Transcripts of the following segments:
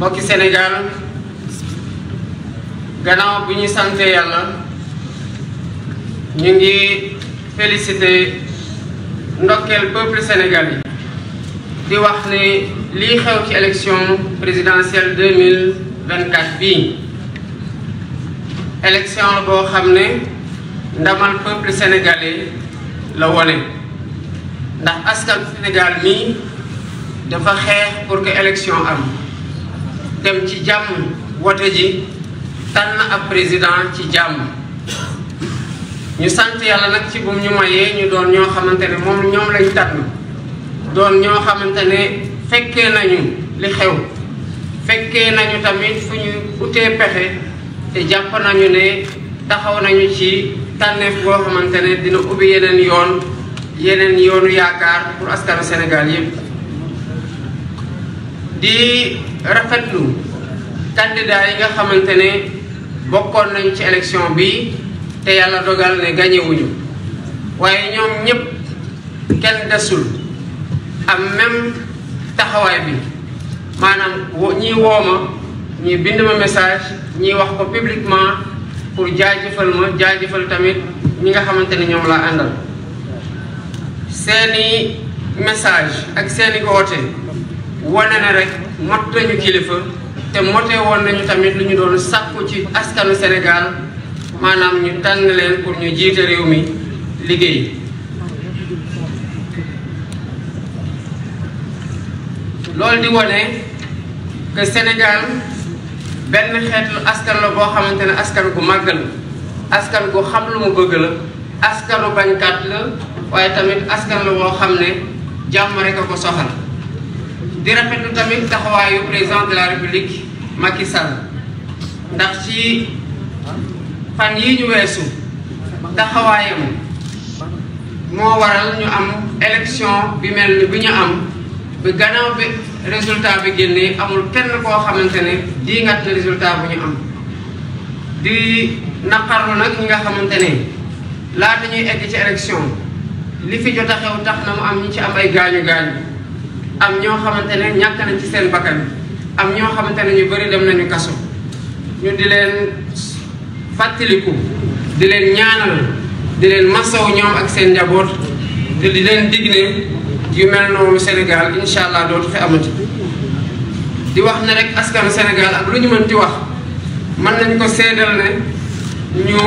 mbokki Sénégal gannaaw bu ñu sante yàlla ñu ngi félicité ndokkeel peuple sénégalais di wax ni lii xew ci élection présidentielle deux mille vingt quatre bii élection la boo xam ne ndamal peuple sénégalais la wone ndax askan Sénégal mii dafa xeex pour que élection am. dem ci jàmm wote ji tànn ab président ci jàmm ñu sant yàlla nag ci bu ñu mayee ñu doon ñoo xamante ne moom ñoom lañ tànn doon ñoo xamante ne fekkee nañu li xew fekke nañu tamit fu ñu utee pexe te jàpp nañu ne taxaw nañu ci tànneef boo xamante ne dina ubbi yeneen yoon yeneen yoonu yaakaar pour askanu Sénégal yépp di rafetlu candidat yi nga xamante ne bokkoon nañ ci élection bi te yàlla dogal ne gañewuñu waaye ñoom ñëpp kenn desul am même taxawaay bi maanaam ñii wooma ma ñii bind ma message ñii wax ko publiquement pour jaajëfal ma jaajëfal tamit ñi nga xamante ne ñoom laa àndal seeni message ak seeni woote wone na rek mot kilifa te mote woon nañu tamit lu ñu doon sàkku ci askanu senegaal maanaam ñu tànn leen pour ñu jiite réew mi liggéey loolu di wone que Sénégal benn xeetu askan la boo xamante ne askan gu màgg la askan gu xam lu mu bëgg la askanu bañkat la waaye tamit askan la boo xam ne jàmm rek a ko soxal di rafetlu tamit taxawaayu président de la république Macky Sall ndax ci fan yii ñu weesu taxawaayam moo waral ñu am élection bi mel ni bi ñu am bi gannaaw bi résultat bi génnee amul kenn koo xamante ne di ngat na résultat bu ñu am di naqarlu nag ñi nga xamante ne laata ñuy egg ci élection li fi jot a xew tax na mu am ñi ci am ay gaañu gaañu am ñoo xamante ne ñàkk nañ ci seen bakkan am ñoo xamante ne ñu bëri dem nañu kaso ñu di leen fàttaliku di leen ñaanal di leen masoow ñoom ak seen njaboot te di leen dig ne yu mel noonu Sénégal incha allah dootu fi amati di wax ne rek askan Sénégal ak lu ñu mën di wax mën nañ ko seedal ne ñu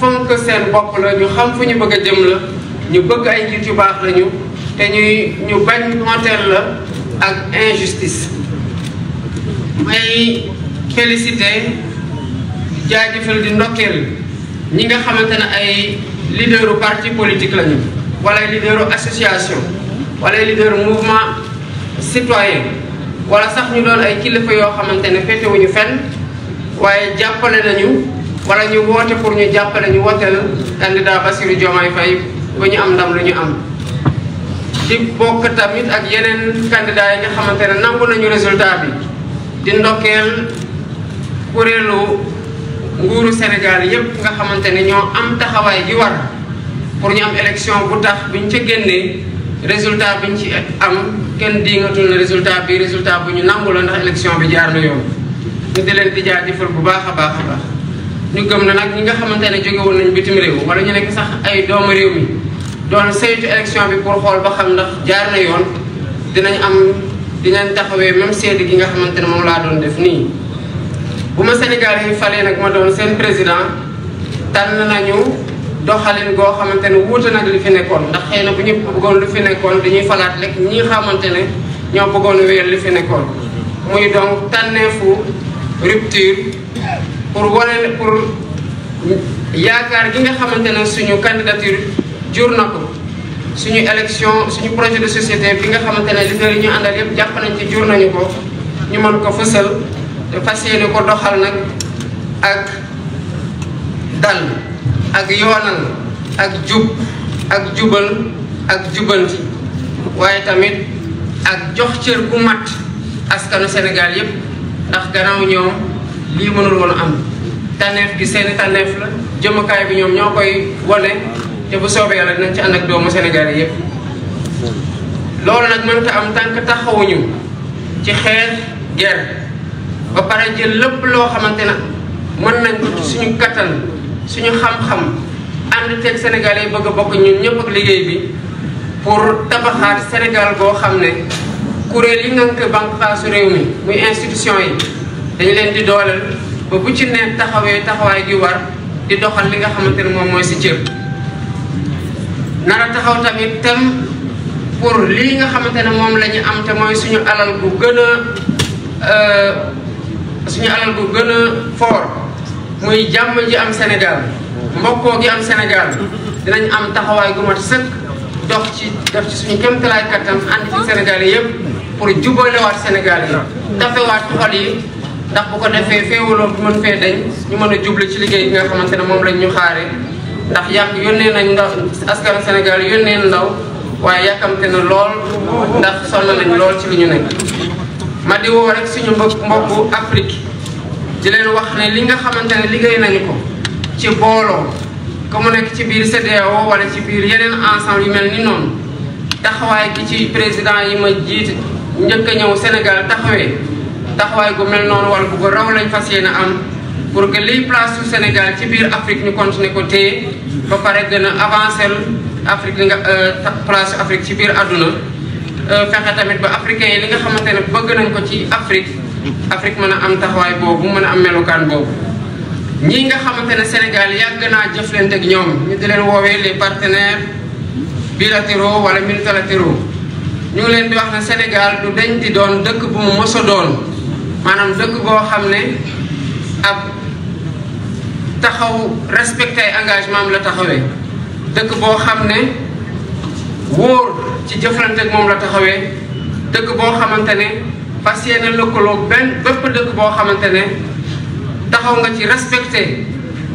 fonk seen bopp la ñu xam fu ñu bëgg a jëm la ñu bëgg ay njiit yu baax lañu te ñuy ñu bañ monteel la ak injustice may félicité jaajëfal di ndokkeel ñi nga xamante ne ay leaderu parti politique lañu wala leaderu association wala leaderu mouvement citoyen wala sax ñu doon ay kilifa yoo xamante ne féetewuñu fen waaye jàppale nañu wala ñu woote pour ñu jàppale ñu wooteel candidat Bassirou Diomaye fay ba ñu am ndam lu ñu am di bokk tamit ak yeneen candidat yi nga xamante ne nangu nañu résultat bi di ndokkeel kuréelu nguuru Sénégal yépp nga xamante ne ñoo am taxawaay gi war pour ñu am élection bu tax buñ ca génnee résultat biñ ci am kenn diingatul ne résultat bi résultat bu ñu nangu la ndax élection bi jaar na yoon ñu di leen di jaajëfal bu baax a baax a baax ñu gëm na nag ñi nga xamante ne jóge woon nañ bitim réew wala ñu nekk sax ay doomu réew mi doon saytu élection bi pour xool ba xam ndax jaar na yoon dinañ am dinañ taxawee même seede gi nga xamante ne moom laa doon def nii. bu ma Sénégal yi falee nag ma doon seen président tànn nañu doxalin goo xamante ne wuute nag li fi nekkoon ndax xëy na bu ñëpp bëggoon lu fi nekkoon dañuy falaat lekk ñi nga xamante ne ñoo bëggoon wéer li fi nekkoon. muy donc tànneefu rupture pour wane pour yaakaar gi nga xamante ne suñu candidature. jur na ko suñu élection suñu projet de société bi nga xamante ne leader yi ñu àndal yëpp jàpp nañ ci jur nañu ko ñu mën ko fësal te fas yéene ko doxal nag ak dal ak yoonal ak jub ak jubal ak jubanti waaye tamit ak jox cër bu mat askanu Sénégal yëpp ndax gannaaw ñoom lii mënul woon am tànneef gi seeni tànneef la jëmukaay bi ñoom ñoo koy wone te bu soobee yàlla dinañ ci ànd ak doomu Sénégal yëpp loolu nag mënta am tànk taxawuñu ci xeex guerre ba pare jël lépp loo xamante na mën nañ ko suñu kattan suñu xam-xam ànd teeg Sénégal yi bëgg a bokk ñun ñëpp liggéey bi pour tabaxaat Sénégal boo xam ne kuréel yi ngànk bànqaasu réew mi muy institution yi dañu leen di dooleel ba bu ci ne taxawee taxawaay gi war di doxal li nga xamante ne moom mooy si cër nar a taxaw tamit tem pour lii nga xamante ne moom la am te mooy suñu alal gu gën a euh, suñu alal gën a fort muy jàmm ji am Sénégal mbokkoo gi am Sénégal dinañ am taxawaay gu mat sëkk dox ci def ci suñu kéemtalaay kattan ànd ci Sénégal yi yëpp pour jubalewaat Sénégal yi tafewaat xol yi ndax bu ko defee féewaloo bu mën fee dañ ñu mën a jublu ci liggéey bi nga xamante ne moom lañ ñu xaare ndax yàq yónnee nañ ndaw askan Sénégal yónnee ndaw waaye yàkkamte na lool ndax sonn nañ lool ci li ñu nekk ma di woo rek suñu mbokk mbokku Afrique di wax ne li nga xamante ne liggéey nañu ko ci booloo ko mu nekk ci biir CEDEAO wala ci biir yeneen ensemble yu mel ni noonu taxawaay ki ci président yi ma jiit njëkk a ñëw Sénégal taxawee taxawaay gu mel noonu wala bu ko raw lañ fas yéene am pour que liy place Sénégal ci biir Afrique ñu continuer ko té ba pare gën a avancer Afrique li nga euh, place su Afrique ci biir àdduna euh, fexe tamit ba africain yi li nga xamante ne bëgg nañ ko ci Afrique Afrique mën a am taxawaay boobu mën a am melokaan boobu ñii nga xamante ne Sénégal yàgg naa jëflante ak ñoom ñu di leen woowee les partenaires bilatéraux wala multilatéraux ñu ngi leen di wax na Sénégal du dañ di doon dëkk bu mu mës a doon maanaam dëkk boo xam ne ak taxaw respecté engagement am la taxawee dëkk boo xam ne wóor ci jëflante ak moom la taxawee dëkk boo xamante ne fas yéene lëkkaloo benn bépp dëkk boo xamante ne taxaw nga ci respecté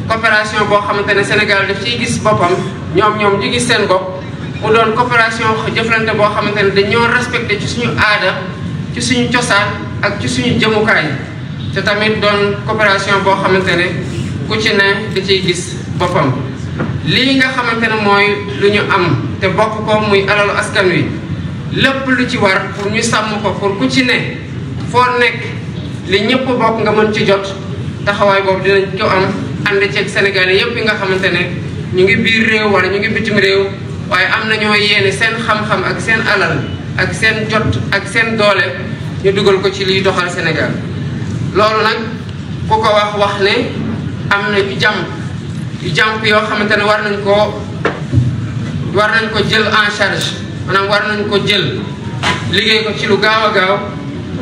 coopération boo xamante ne Sénégal daf ciy gis boppam ñoom ñoom ñu gis seen bopp mu doon coopération jëflante boo xamante ne dañoo respecté ci suñu aada ci suñu cosaan ak ci suñu jëmukaay te tamit doon coopération boo xamante ne ku ci ne da ciy gis boppam lii nga xamante ne mooy lu ñu am te bokk ko muy alalu askan wi lépp lu ci war pour ñu sàmm ko pour ku ci ne foo nekk li ñëpp bokk nga mën ci jot taxawaay boobu dinañ ko am ànd ceeg Sénégalais yépp nga xamante ne ñu ngi biir réew wala ñu ngi bitim réew waaye am na ñoo yéene seen xam-xam ak seen alal ak seen jot ak seen doole ñu dugal ko ci liy doxal Sénégal loolu nag ku ko wax wax ne am na yu jàmp yu jàmp yoo xamante ne war nañ koo war nañ ko jël en charge maanaam war nañ ko jël liggéey ko ci lu gaaw a gaaw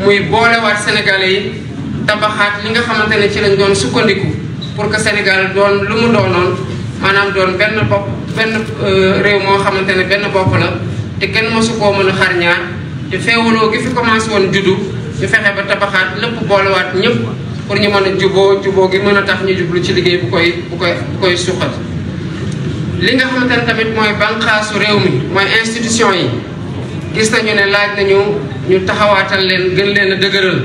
muy boolewaat sénégalais yi tabaxaat li nga xamante ne ci lañ doon sukkandiku pour que Sénégal doon lu mu doonoon maanaam doon benn bopp benn euh, réew moo xamante ne benn bopp la te kenn mosu koo mën a xar te feewaloo gi fi commencé woon juddu ñu fexe ba tabaxaat lépp boolewaat ñëpp pour ñu mën a juboo juboo gi mën a tax ñu jublu ci liggéey bu koy bu koy bu koy suqat li nga xam ne tamit mooy banqaasu réew mi mooy institution yi gis nañu ne laaj nañu ñu taxawaatal leen gën leen a dëgëral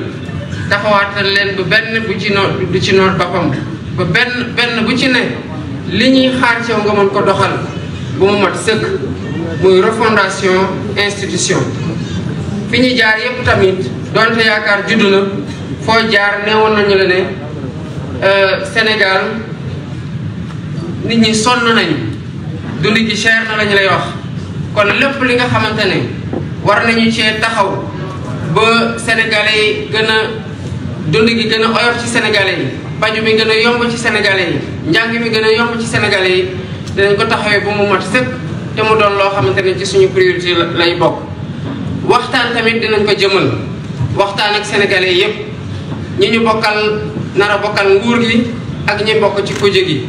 taxawaatal leen bu benn bu ci noor du ci noor boppam ba benn benn bu ci ne li ñuy xaar ci nga mën ko doxal bu mu mat sëkk muy refondation institution fi ñu jaar yépp tamit donte yaakaar juddu na foo jaar neewoon nañu la ne euh, Sénégal nit ñi sonn nañu dund gi cher na lañu lay wax kon lépp li nga xamante ne war nañu cee taxaw ba sénégalais yi gën a dund gi gën a oyof ci sénégalais yi paju mi gën a yomb ci sénégalais yi njàng bi gën a yomb ci sénégalais yi dinañ ko taxawee ba mu mat sëkk te mu doon loo xamante ne ci suñu priorité lay bokk waxtaan tamit dinañ ko jëmal waxtaan ak sénégalais yépp ñi ñu bokkal nar a bokkal nguur gi ak ñi bokk ci kuje yi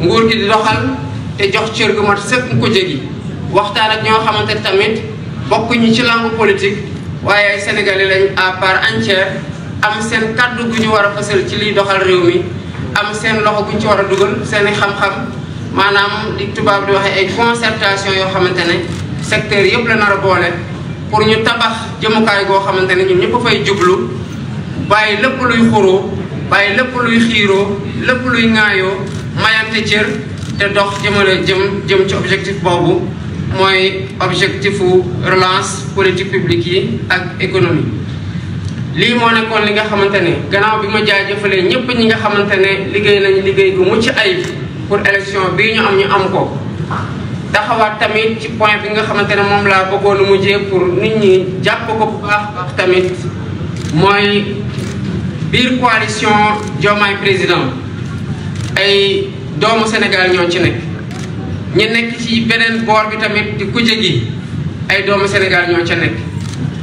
nguur gi di doxal te jox cër gu mat sëkk kuje gi waxtaan ak ñoo xamante tamit bokkuñu ci langue politique waaye ay sénégalais lañ à part entière am seen kàddu gu ñu war a fësal ci liy doxal réew mi am seen loxo gu ñu ci war a dugal seen i xam-xam maanaam li tubaab di waxee ay concertation yoo xamante ne secteur yépp la nar a boole pour ñu tabax jëmukaay goo xamante ne ñun ñëpp fay jublu bàyyi lépp luy xuroo bàyyi lépp luy xiiroo lépp luy ŋaayoo mayante cër te dox jëmale jëm jëm ci objectif boobu mooy objectifu relance politique publique yi ak économie lii moo nekkoon li nga xamante ne gannaaw bi ma jaajëfalee ñëpp ñi nga xamante ne liggéey nañu liggéey gu mucc ayib pour élection bii ñu am ñu am ko taxawaat tamit ci point bi nga xamante ne moom laa mu mujjee pour nit ñi jàpp ko bu baax baax tamit mooy biir coalition Diomaye président ay doomu Sénégal ñoo ci nekk ñu nekk ci beneen boor bi tamit di kuje gi ay doomu Sénégal ñoo ci nekk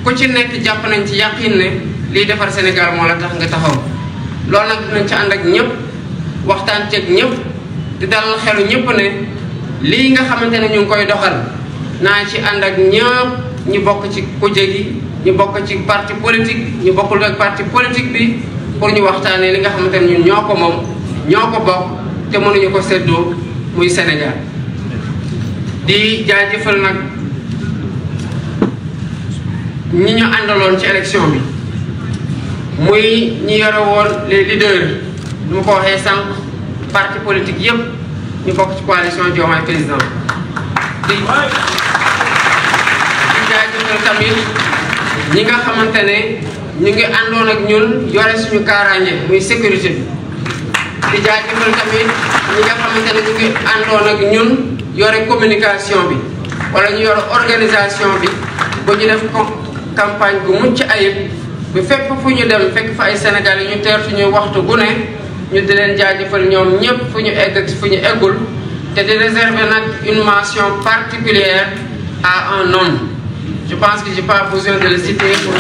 ku ci nekk jàpp nañ ci yàqin ne liy defar Sénégal moo la tax nga taxaw loolu nag nañ ci ànd ak ñëpp waxtaan ceeg ñëpp di dalal xelu ñëpp ne lii nga xamante ne ñu ngi koy doxal naa ci ànd ak ñëpp ñu bokk ci kuje gi ñu bokk ci parti politique ñu bokkul ak parti politique bi pour ñu waxtaanee li nga xamante ne ñoo ko moom ñoo ko bokk te mënuñu ko seddoo muy Sénégal di jaajëfal nag ñi ñu àndaloon ci élection bi muy ñi yore woon les leaders nu ma ko waxee sànq parti politique yëpp. ñu bokk ci coalition Diomaye président di di jaajëfal tamit ñi nga xamante ne ñu ngi àndoon ak ñun yore suñu kaaraange muy sécurité bi di jaajëfal tamit ñi yore communication bi wala ñu yore organisation bi ba ñu def campagne bu mucc ayib bu fépp fu ñu dem fekk fa ay Sénégalais ñu teer suñuy waxtu bu ne ñu di leen jaajëfal ñoom ñëpp fu ñu egg fu ñu eggul te di réserver nag une mention particulière à un homme. Je pense que j'ai pas besoin de le citer pour...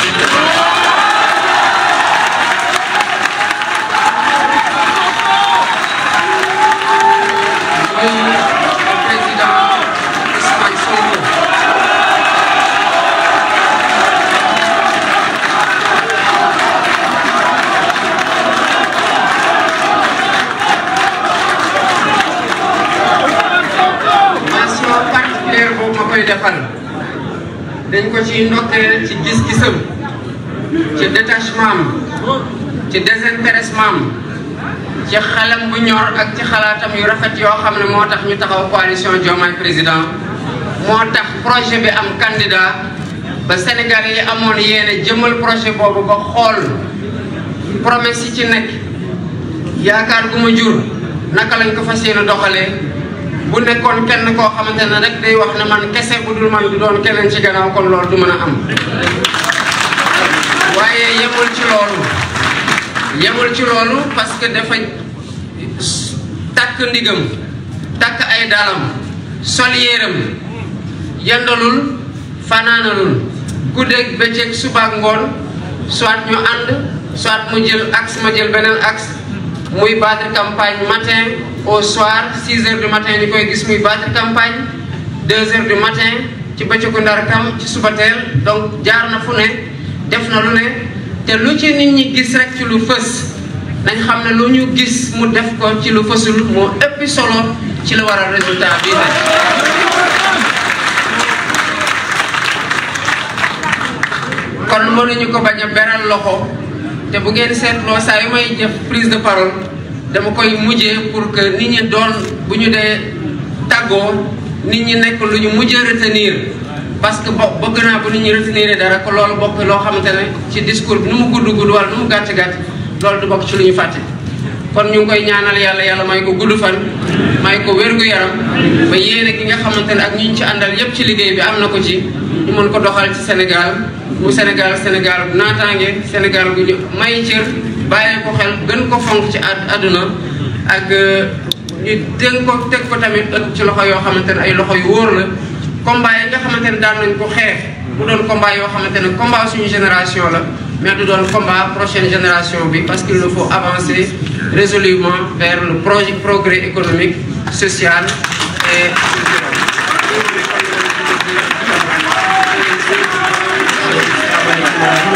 ko ci ndokkeel ci gis-gisam ci détachement am ci désintéressement am ci xelam bu ñor ak ci xalaatam yu rafet yoo xam ne moo tax ñu taxaw coalition Diomaye président moo tax projet bi am candidat ba Sénégal yi amoon yéene jëmal projet boobu ba xool promesse yi ci nekk yaakaar gu ma jur naka lañ ko fas yéene doxalee bu nekkoon kenn koo xamante ne rek day wax na man kese bu dul man du doon keneen ci gannaaw kon loolu du mën a am waaye yemul ci loolu yemul ci loolu parce que dafa takk ndigam takk ay daalam sol yéeram yendalul fanaanalul guddeeg bëccëg subaak ngoon soit ñu ànd soit mu jël axe ma jël beneen axe muy battre campagne matin au soir 6 heures du matin ñu koy gis muy battre campagne 2 heures du matin ci bëccëgu ndar kam ci suba teel donc jaar na fu ne def na lu ne te lu ci nit ñi gis rek ci lu fës nañ xam ne lu ñu gis mu def ko ci lu fësul moo ëpp solo ci la waral résultat bi kon mënuñu ko bañ a loxo. te bu ngeen seetloo saa yu may jëf prise de parole dama koy mujjee pour que nit ñi doon bu ñu dee tàggoo nit ñi nekk lu ñu mujjee retenir parce que bo bëgg naa bu nit ñi retenir dara ko loolu bokk loo xamante ne ci discours bi nu mu gudd gudd wala nu mu gàtt gàtt loolu du bokk ci lu ñu fàtte kon ñu ngi koy ñaanal yàlla yàlla may ko gudd fan may ko wér-gu-yaram ba yéene gi nga xamante ne ak ñu ci àndal yépp ci liggéey bi am na ko ci ñu mën ko doxal ci Sénégal mu Sénégal Sénégal bu naataange Sénégal bu ñu may cër bàyyee ko xel gën ko fonk ci adduna ak euh, ñu dégg ko teg ko tamit ci loxo yoo xamante ne ay loxo yu wóor la combat yi nga xamante ne daan nañ ko xeex bu doon combat yoo xamante ne combat suñu génération la mais du doon combat prochaine génération bi parce qu'il faut avancer résolument vers le projet progrès économique social et Thank you.